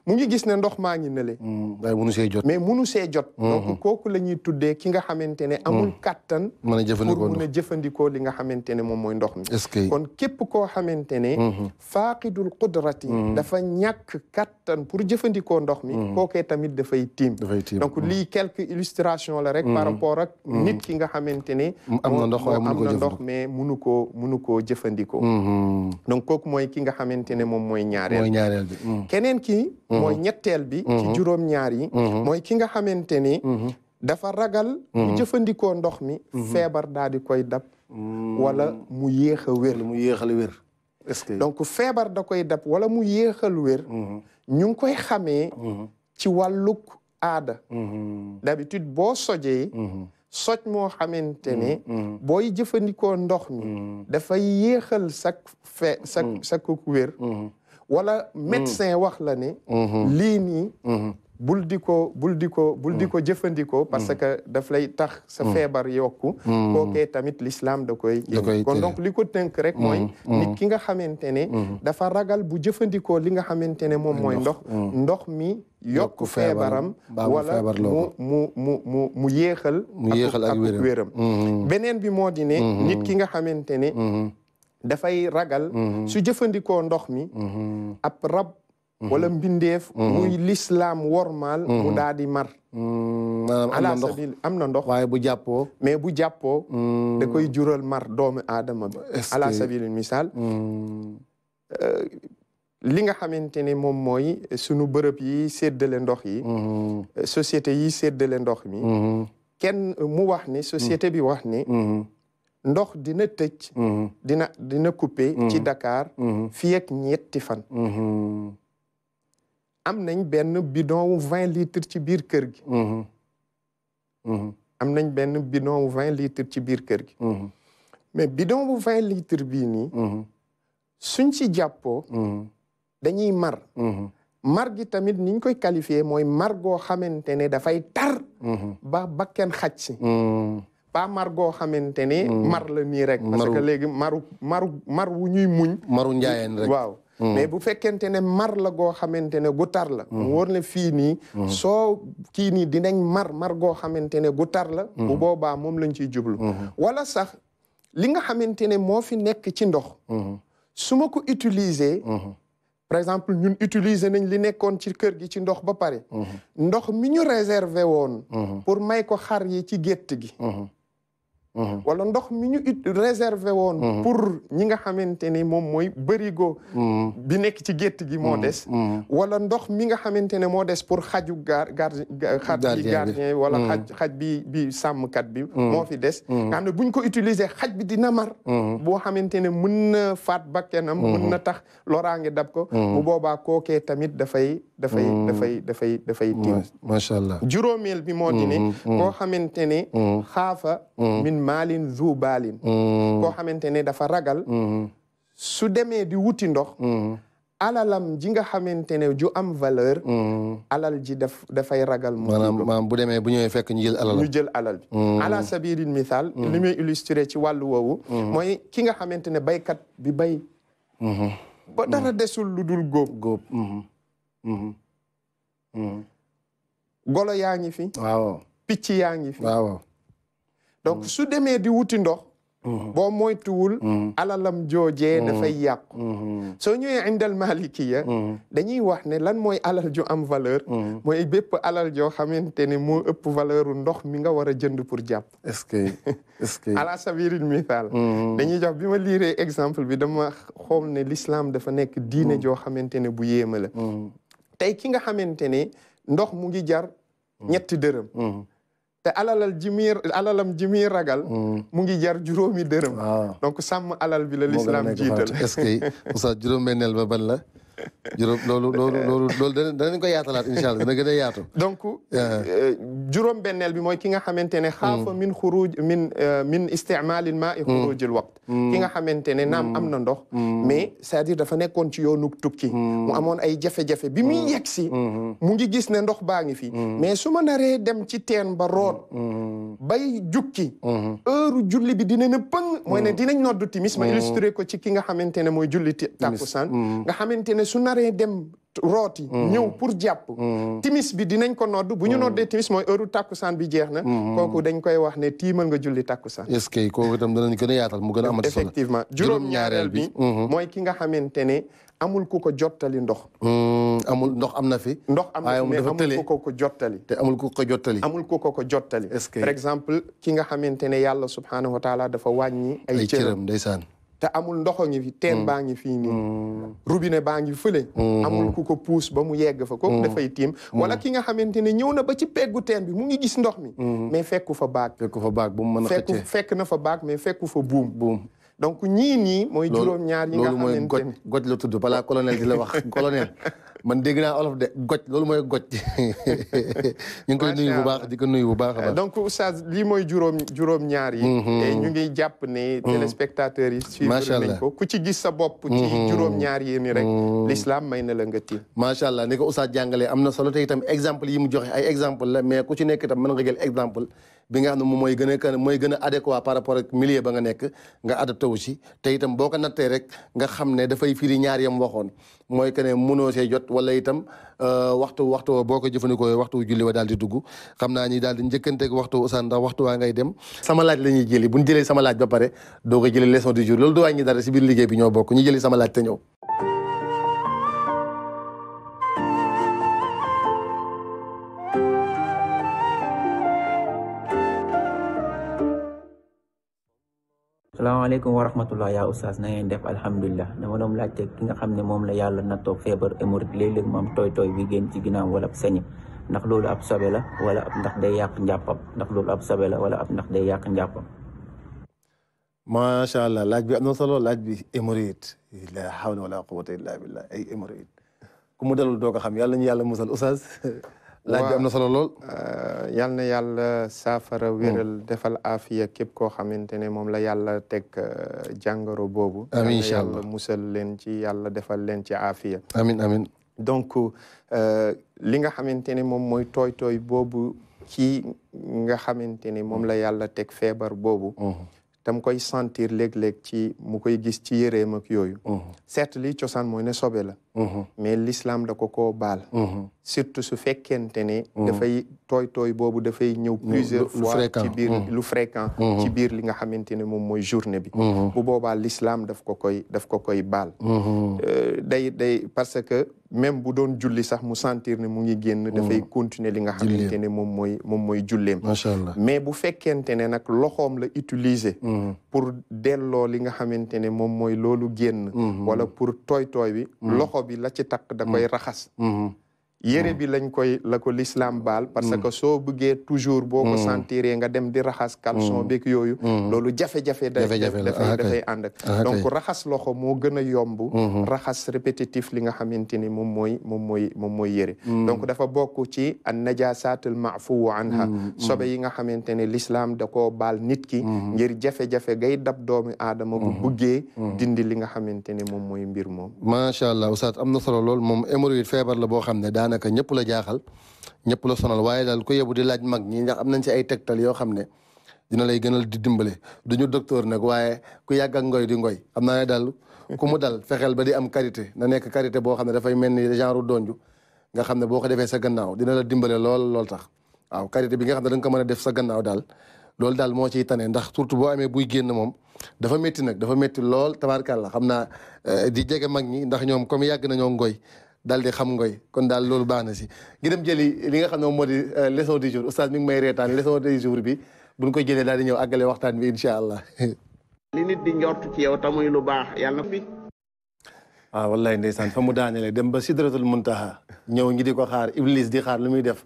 mu ngi gis ne ndox maa ngi nële. Mm, waaye munu see jot mais munu see jot. Mm-hmm. donc kooku la ñuy tuddee ki nga xamante ne. amul mm. kàttan. mën a jëfandikoo pour mun jëfandikoo li nga xamante ne moom mooy ndox mi. est-ce que kon képp koo xamante ne. Mm-hmm. faaqidul qudrati mm-hmm. dafa ñàkk kàttan pour jëfandikoo ndox mi. kookee tamit dafay tiim. dafay tiim donc lii quelques illustrations la rek. par rapport nit ki nga xamante ne. am ndox waaye munu mais munu koo munu koo jëfandikoo. donc kooku mooy ki nga xamante ne moom mooy ñaareel. mooy mm. keneen ki. mooy mhm. ñetteel bi ci mhm. juróom-ñaar mhm. mooy ki nga xamante ni dafa ragal bu jëfandikoo ndox mi feebar daal di koy dab mm. wala mu yéex a wér mu yéexal wér est que donc feebar da koy dab wala mu yéexal wér ñu ngi koy xamee ci wàllug aada d'habitude boo sojee soj moo xamante ne booy jëfandikoo ndox mi dafay yéexal sak fe wér wala mm. médecin wax la ne mm-hmm. lii nii mm-hmm. bul di ko bul di ko bul di mm. ko jëfandikoo parce mm. que daf lay tax sa feebar yokku kookee tamit l'islam da koy kon donc li ko tënk rek mooy nit ki nga xamante ne mm-hmm. dafa ragal bu jëfandikoo li nga xamante ne moom mooy ndox ndox mi yokk feebaram wala mu mu mu mu mu yéexal mu yéexal ak bi moo di nit ki nga xamante ne dafay ragal mhm. su jëfandikoo ndox mi mhm. ab rab wala mhm. mbindeef muy lislaam wormaal mu daal mar ala sabil na ndox waaye bu jàppoo mais bu jàppoo da koy jural mar doomu aadama bi ala sabil misaal euh, li nga xamante ne moom mooy sunu bërëb yi séddale ndox yi société yi séddale ndox mi kenn mu wax ni société bi wax ni ndox dina tëj. Mhm. dina dina coupé. ci mhm. Dakar. Mhm. fii ak ñetti fan. am nañ benn bidon wu vingt litres ci biir kër gi. nañ benn bidon wu vingt litres ci biir kër gi. mais bu vingt litres bii nii. suñ jàppoo. dañuy mar. mar gi tamit niñ koy qualifié mooy mar goo xamante ne dafay tar. ba bakken xaj pas mar goo xamante ni. Mm. mar la nii rek. parce que léegi maru maru mar wu ñuy muñ.
maru njaayeen rek waaw. Mm. mais bu
fekkente ne mar la goo xamante ne gu tar la. Mm. mu wóor fii nii. soo kii nii dinañ mar mar goo xamante ne gu tar la. bu boobaa moom lañ ciy jublu. Mm-hmm. wala sax li nga xamante ne moo fi nekk ci ndox. Mm-hmm. su ma ko utiliser. Mm-hmm. par exemple ñun utiliser nañ li nekkoon ci kër gi ci ndox ba pare. ndox mi ñu réserver woon. pour may ko xar yi ci gétt gi. Mhm. wala ndox mi ñu it woon. Mhm. pour ñi nga xamante ni moom mooy bërigo. Mhm. bi nekk ci gétt gi moo des. wala ndox mi nga xamante ne moo des pour xaju gar gar xaj bi gardien wala xaj xaj bi bi sàmmkat bi. moo fi des. nga xam ne buñ ko utiliser xaj bi dina mar. boo xamante ne mën na faat bakkenam. mën na tax loraange dab ko. bu boobaa kookee tamit dafay. dafay dafay dafay dafay tiim. macha allah juróomeel bi moo di ne. koo xamante ne maalin zu baalin mm-hmm. koo xamante ne dafa ragal mm-hmm. su demee di wuti ndox mm-hmm. alalam ji nga xamante ne ju am valeur alal ji daf dafay ragal mu maanaam
bu demee bu ñëwee fekk ñu jël alal jël alal bi ala
sabilil misaal li muy illustré ci wàllu woowu mooy ki nga xamante ne baykat bi bay ba dara desul lu dul góob góob golo yaa ngi fi waaw yaa ngi fi donc mm. su demee di wuti ndox mm-hmm. boo moytuwul mm-hmm. alalam joojee mm-hmm. dafay yàqu soo ñëwee indal malikiya dañuy wax ne lan mooy alal jo am valeur mooy bépp alal joo xamante ne moo ëpp valeur ndox mi nga war a jënd pour jàpp
est-ce que est-ce que <laughs> ala
sabiril misaal dañuy jox bi ma liiree exemple bi dama xool ne l'islam dafa nekk diine joo xamante ne bu yéema la tey ki nga xamante ne ndox mu ngi jar ñetti dërëm te alalal ji muy alalam ji muy ragal. Hmm. mu ngi jar juróomi dërëm. Ah. donc sàmm alal
bi la lislaam jiital. est-ce que Moussa juróom-benneel ba ban la. <laughs> juróom loolu loolu loolu loolu danañ ko yaatalaat incha allah euh, juróom benneel bi mooy ki nga
xamante ne. xaafa min xuruj min euh, min isticmaalil maa i mm. xurujil
waqt. ki nga
xamante ne naam mm. am na ndox. Mm. mais cest dafa nekkoon ci yoonu tukki. mu amoon ay jafe-jafe bi muy yegg si. Mm-hmm. mu ngi gis ne ndox baa ngi fi. mais su ma naree dem ci teen ba root. Mm-hmm. bay jukki. Mm-hmm. heure julli bi dina ne pëng. mooy ne dinañ noddu timis ma illustré ko ci ki nga xamante ne mooy julli tàkkusaan nga xamante ne su naree paree dem rooti mm-hmm. ñëw pour jàpp mm-hmm. timis bi dinañ ko nodd bu ñu mm-hmm. noddee timis mooy heure tàkkusaan bi jeex na kooku dañ koy wax ne tiimal nga julli tàkkusaan
est-ce que kooku itam danañ yaatal mu gën a amati effectivement juróom-ñaareel bi mooy
ki nga xamante ne amul ku ko jottali ndox
mm, amul
ndox am na fi ndox am na fi mais ko jottali te amul ku ko jottali amul ku ko ko jottali est-ce que par exemple ki nga xamante ne yàlla subhaanahu wa taala dafa wàññi ay cëram ndeysaan te amul ndoxo ngi fi teen mm. baa ngi fii nii mm. robinet baa ngi fële mm-hmm. amul ku ko puus ba mu yegg fa ko kooku mm-hmm. dafay tiim wala ki nga xamante ne ñëw na ba ci peggu teen bi mu ngi gis ndox mi mm-hmm. mais fekku fa baag fekku fa baag bu mu mën a fekku fekk na fa baag mais fekku fa buum buum donc ñii nii
mooy juróom ñaar yi nga xamante ne loolu mooy goj goj la tudd balaa colonel di la wax <laughs> colonel man dégg naa olof de goj loolu mooy goj <laughs> ñu ngi koy nuyu bu baax di ko nuyu bu baax a baax donc
oustaz lii mooy juróom juróom ñaar yi mhm. te ñu ngi jàpp ne mhm. téléspectateurs yi suivre nañ
ku ci gis sa bopp ci mhm. juróom ñaar yi ni rek l'islam may na la nga tiim macha allah ni ko oustaz jàngalee am na solo te itam exemple yi mu joxe ay exemple la mais ku ci nekk itam mën nga jël exemple bi nga xam ne moom mooy gën a mooy gën a adéquat par rapport ak milieu ba nga nekk nga adapté wu si te itam boo ko nattee rek nga xam ne dafay firi ñaar yam waxoon mooy que ne mënoo see jot wala itam euh, waxtu waxtu boo ko jëfandikoo waxtu julli wa daal di dugg xam naa ñi daal di njëkkanteeg waxtu usaan ndax waxtu waa ngay dem sama laaj la ñuy jëli bu ñu jëlee sama laaj ba pare doo ko jëlee leçon du jour si biir liggéey bi ñoo bokk ñu jëli sama laaj te ñëw
salaamaaleykum wa rahmatullah yaa oustaz na ngeen def alhamdulilah dama doon laajte ki nga xam ne moom la yàlla nattoo feebar hémorroïde léeg-léeg moom tooy tooy bi génn ci ginnaaw wala ab sañe ndax loolu ab sobe la wala ab ndax day yàq njàppam ndax loolu
ab sobe la wala ab ndax day yàq njàppam macha allah laaj bi am na solo laaj bi hémorroïde la hawla wala quwwata illa billah ay hémorroïde ku mu dalul doo ko xam yàlla ñu yàlla musal oustaz <laughs>
laaj bi am na solo
lool. Euh, yal na yàlla saafara
hmm. wéral defal aafiya képp koo xamante ne moom la yàlla teg euh, jàngoro boobu. amiin incha allah musal leen ci yàlla defal leen ci aafiya.
amiin amiin. donc
euh, li nga xamante ne moom mooy tooy tooy boobu kii nga xamante ne moom la yàlla teg feebar boobu. tam hmm. koy sentir léeg-léeg ci mu koy gis ci yëreem ak yooyu. Hmm. certes li cosaan mooy ne sobe la. mais l'islam da ko koo baal. surtout su fekkente ne. Mm. dafay tooy tooy boobu dafay ñëw. plusieurs fois ci biir mm. lu fréquent. Mm-hmm. ci biir li nga xamante ne moom mooy journée bi. Mm-hmm. bu boobaa l'islam daf ko koy daf ko koy baal. Mm-hmm. Euh, day day parce que même bu doon julli sax mu sentir ne mu ngi génn. dafay continuer li nga xamante moom mooy moom mooy julleem. allah mais bu fekkente ne nag loxoom la utiliser. pour delloo li nga xamante ne moom mooy loolu génn. wala pour tooy tooy bi. loxo bi la ci takk da koy raxas. yére hmm. bi lañ koy la ko l'islam baal parce hmm. que soo bëggee toujours boo ko hmm. sentiree nga dem di raxas caleçon beeg yooyu loolu jafe-jafe da dafay ah, dafay ànd ak ah, donc raxas loxo moo gën a yomb raxas répétitif li nga xamante ni moom mooy moom mooy moom mooy yére donc dafa bokk ci an najasaatul maafuwu anha sobe yi nga xamante ne l'islam da ko baal nit ki ngir jafe-jafe gay dab doomu aadama bu bëggee dindi li nga xamante ne moom mooy mbir moom
macha allah oustaz am na solo lool moom hémorroïde la boo xam ne daanaka ñëpp la jaaxal ñëpp la waaye daal ku yebu di laaj mag ñi ndax am nañ ci ay tegtal yoo xam ne dina lay gënal di dimbale du ñu docteur nag waaye ku yàgg ak ngoy di ngoy am naa ne daal ku mu dal fexeel ba di am karité na nekk quarité boo xam ne dafay mel ni genre donju nga xam ne boo ko defee sa gannaaw dina la dimbale lool lool tax waaw karité bi nga xam ne da ko mën a def sa gannaaw daal loolu daal moo ci tane ndax surtout boo amee buy génn moom dafa métti nag dafa métti lool tabaarkàlla xam naa eh, di jege mag ñi ndax ñoom comme yàgg nañoo ngoy daal di xam ngoy kon daal loolu baax na si gi dem jëli li nga xam ne moom moo di euh, leçon du jour oustaz mi ngi may reetaan leçon du jour bi buñ koy jëlee daal di ñëw àggale waxtaan bi incha allah
<laughs> li nit di njort ci yow tamuy lu
baax yàlla bi waaw ah, wallahi ndeysaan fa mu daanelee dem ba sidratul muntaha ñëw ñi di ko xaar iblis di xaar lu muy def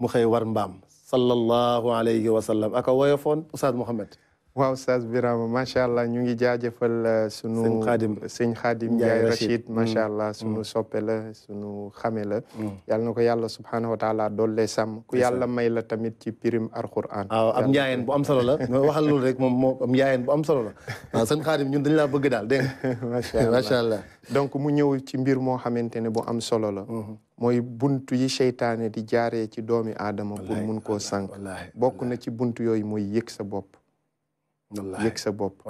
mu xëy war mbaam sallallahu alayhi wa sallam aka woyofoon oustaz Mouhamed waaw Oustaz Birama macha allah ñu ngi jaajëfal euh,
sunu sëñ Xaadim sëñ Xaadim Njaay Rachid macha mm. allah sunu mm. soppe la mm. yàlla na ko yàlla subhaanahu wa taala doollee sàmm ku yàlla may la tamit ci pirim alquran waaw am njaayeen bu am solo la waxal loolu
rek moom moo am bu am solo la waaw sëñ Xaadim ñun dañu laa bëgg daal dégg nga <laughs> macha allah donc mu ñëw ci mbir moo
xamante ne bu am solo la mm-hmm. mooy buntu yi seytaane di jaaree ci doomi aadama pour mun koo sànq bokk na ci buntu yooyu mooy yëg sa bopp yëg sa bopp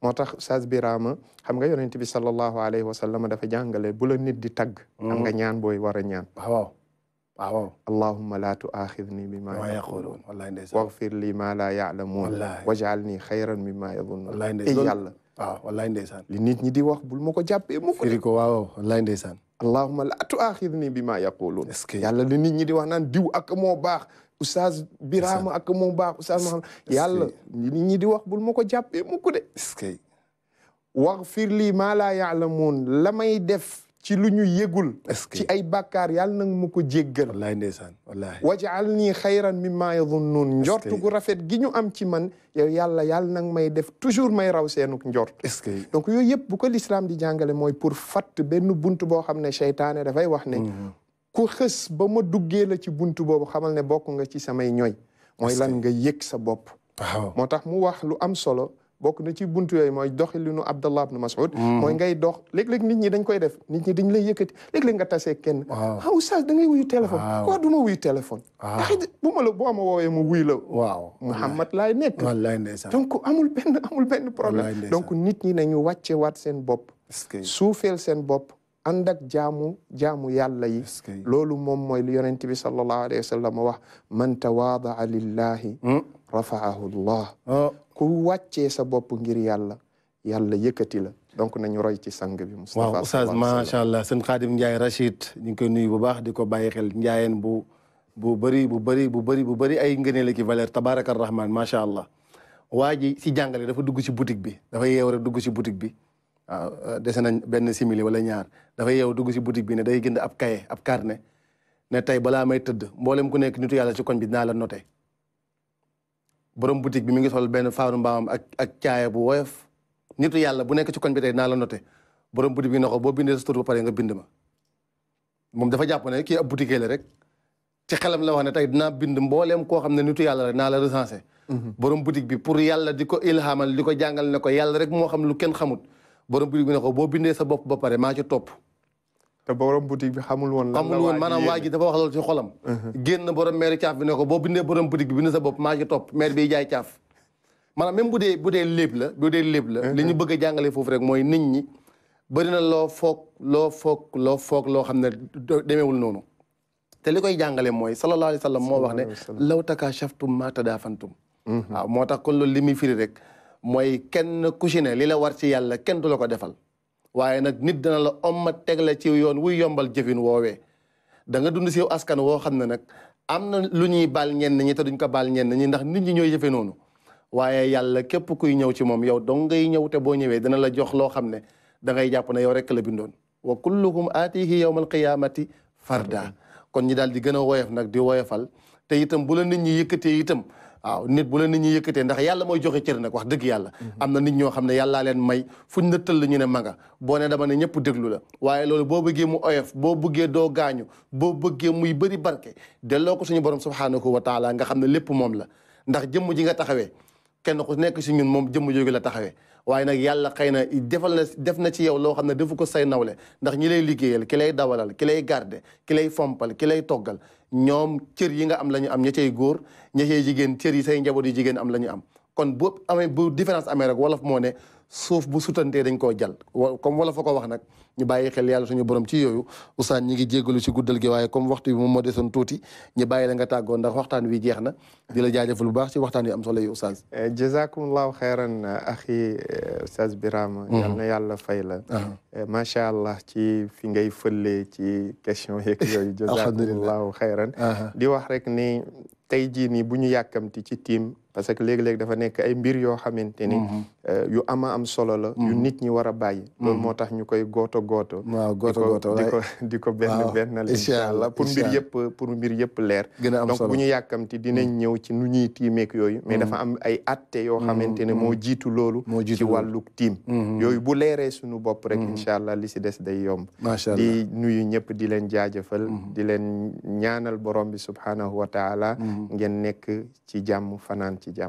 moo tax Saas Birama xam nga yonent bi sallallahu alayhi wa sallam dafa jàngale bu la nit di tagg mm. am nga ñaan booy war a ñaan waaw waaw allahumma laa tuaaxidni bi maa yaquluun waghfir li maa laa yaalamuun waj'alni xayran mimmaa yadunnuun ay yàlla waaw wallaay ndeysaan li nit ñi di wax bul ma ko jàppee mu ko firi ko la wallaay ndeysaan allahumma laa tuaaxidni bi yaquluun ñi di wax naan diw ak moo baax oustaz biraamu ak mu baax oustaz Mohamed yàlla nit ñi di wax bul ma ko jàppee mukk wa waghfir lii maa laa yaalamuun la may def ci lu ñu yëgul ci ay bàkkaar yàlla nag ma ko jéggal wallaay ndeysaan wallaay wajaal nii xayran mimma yadunnuun njort gu rafet gi ñu am ci man yow yàlla yàlla nag may def toujours may raw seenuk njort donc yooyu yëpp bu ko l'islam di jàngale mooy pour fatt benn bunt boo xam ne seytaane dafay wax ne mhm. ku xës ba ma duggee la ci buntu boobu xamal ne bokk nga ci samay ñooy mooy lan nga yëg sa bopp moo tax mu wax lu am solo bokk na ci buntu yooyu mooy doxalinu Abdallah ibn Mas'ud mm-hmm. mooy ngay dox léeg-léeg ñi dañ koy def nit ñi dañ lay yëkkati léeg nga tasee kenn ah oustaz da ngay wuyu téléphone waaw ma wuyu téléphone ndax bu ma la boo ma woowee mu wuyu la waaw Muhammad laay nekk wallaay ndeysaan donc amul benn amul benn problème donc nit ñi nañu wàcce wat seen bopp suufeel seen bopp ànd ak jaamu jaamu yàlla loolu moom mooy lu yonent bi sallallahu alayhi wa sallam wax man tawaadaa lillahi hmm? rafaahu llah oh. ku wàccee sa bopp ngir yàlla yàlla yëkkati la donc nañu roy ci sang bi Moustapha waaw oustaz
macha allah seen xaadim Ndiaye Rachid ñu ngi koy nuyu bu baax di ko bàyyi xel njaayeen bu bu bëri bu bëri bu bëri bu bëri ay ngëneel ki valeur tabaraka rahman macha allah waa ji si jàngale dafa dugg ci boutique bi dafa yeew rek dugg si bi waaw euh, dese nañ benn simili wala ñaar dafay yeew dugg si boutique bi ne day gënd ab kaye ab karne ne tey balaa may tëdd mboolem ku nekk nitu yàlla ci koñ bi dinaa la note borom boutique bi mi ngi sol benn faaru mbaamam ak ak caaya bu woyof nitu yàlla bu nekk ci koñ bi tey dinaa la noté borom boutique bi ne ko boo bindee sa ba pare nga bind ma moom dafa jàpp ne kii ab boutique rek ci xelam la wax ne tey dinaa bind mboolem koo xam ne nitu yàlla rek naa la recensé mhm. borom boutique bi pour yàlla di ko ilhamal di ko jàngal ne ko yàlla rek moo xam lu kenn xamut borom boutique bi ko boo bindee sa bopp ba pare maa ci topp. te borom boutique bi xamul woon. lan xamul woon maanaam waa ji dafa wax loolu ci xolam. Uh-huh. génn borom maire caaf bi ne ko boo bindee borom boutique bi bind sa bopp maa ci topp maire bi jaay caaf. maanaam même bu dee bu dee léeb la bu dee léeb la. li ñu uh-huh. bëgg a jàngale foofu rek mooy nit ñi. bëri na loo foog loo foog loo foog loo xam ne demeewul noonu. te li koy jàngale mooy sallallahu alayhi wa sallam moo wax ne. law takashaftum ma tadafantum. Uh-huh. waaw moo tax kon loolu li muy firi rek. mooy kenn ku ci li la war ci yàlla kenn du la ko defal waaye nag nit dana la om teg la ci yoon wuy yombal jëfin woowee da nga dund si askan woo xam ne nag am na lu ñuy baal ñenn ñi te duñ ko baal ñenn ñi ndax nit ñi ñooy jëfe noonu waaye yàlla képp kuy ñëw ci moom yow dong ngay ñëw te boo ñëwee dina la jox loo xam ne da ngay jàpp ne yow rek la bindoon wa kulluhum aatihi yawma alqiyamati fardaa kon ñi daal di gën a woyof nag di woyofal te itam bu la nit ñi yëkkatee itam waaw nit bu la nit ñi yëkkatee ndax yàlla mooy joxe cër nag wax dëgg yàlla am na nit ñoo xam ne yàllaa leen may fuñ na tëll ñu ne ma boo ne dama ne ñëpp déglu la waaye loolu boo bëggee mu oyof boo bëggee doo gaañu boo bëggee muy bëri barke delloo ko suñu borom subhaanahu wa taala nga xam ne lépp moom la ndax jëmm ji nga taxawee kenn ku nekk si ñun moom jëmm jooju la taxawe waaye nag yàlla xëy na defal na def na ci yow loo xam ne defu ko say nawle ndax ñi lay liggéeyal ki lay dawalal ki lay garder ki lay fompal ki lay toggal ñoom cër yi nga am la ñu am ña cay góor ña cay jigéen cër yi say njaboot yi jigéen am la ñu am kon bu amee bu différence amee rek wolof moo ne suuf bu sutantee dañ koo jal comme wala fa ko wax nag ñu bàyyi xel yàlla suñu borom ci yooyu oustaz ñi ngi jéggalu ci guddal gi waaye comme waxtu bi moom moo desoon tuuti ñu bàyyi la nga tàggoo ndax waxtaan wi jeex na di la jaajëfal bu baax ci waxtaan wi am solo yi eh, eh, eh, oustaz jazakumullahu xayran axi oustaz Birama yal na
yàlla fay la ah. macha allah ci fi ngay fële ci question yeeg yooyu <laughs> jazakumullahu xayran di wax rek ni tey jii nii bu ñu yàkkamti ci tiim parce que léegi léegi dafa nekk ay mbir yoo xamante ni. Mhm. Euh, yu ama am solo la. Mhm. nit ñi war a bàyyi. Mhm. loolu moo tax ñu koy gooto gooto. waaw gooto di ko di la pour yëpp pour mbir yëpp leer. gën a am solo donc bu ñu yàkkamti dinañ mm. ñëw ci nu ñuy tiimeek yooyu. mais dafa mm. am ay atte yoo xamante ne mm. moo jiitu loolu. moo jiitu ci wàllu tiim. Mm-hmm. yooyu bu leeree suñu bopp rek. Mm-hmm. incha allah li si des day yomb. macha allah di nuyu ñëpp di leen jaajëfal. Mm-hmm. di leen ñaanal borom bi subhanahu wa taala. nekk ci jàmm fanaan
ci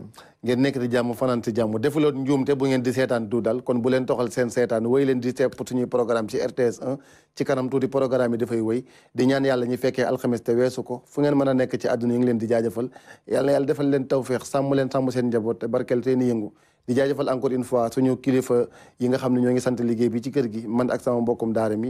ngeen nekk ci jàmm fanaan ci jàmm defuloon njuumte bu ngeen di seetaan du dal kon bu leen toxal seen seetaan wéy leen di tepp suñuy programme ci RTS 1 ci kanam tuuti programme yi dafay wéy ñaan yàlla ñu fekkee alxames te weesu ko fu ngeen mën a ci àdduna yi leen di jaajëfal yàlla defal leen tawféex sàmm leen sàmm seen njaboot te barkeel seen yëngu di jaajëfal encore une fois suñu kilifa yi xam ne ñoo ngi liggéey bi ci kër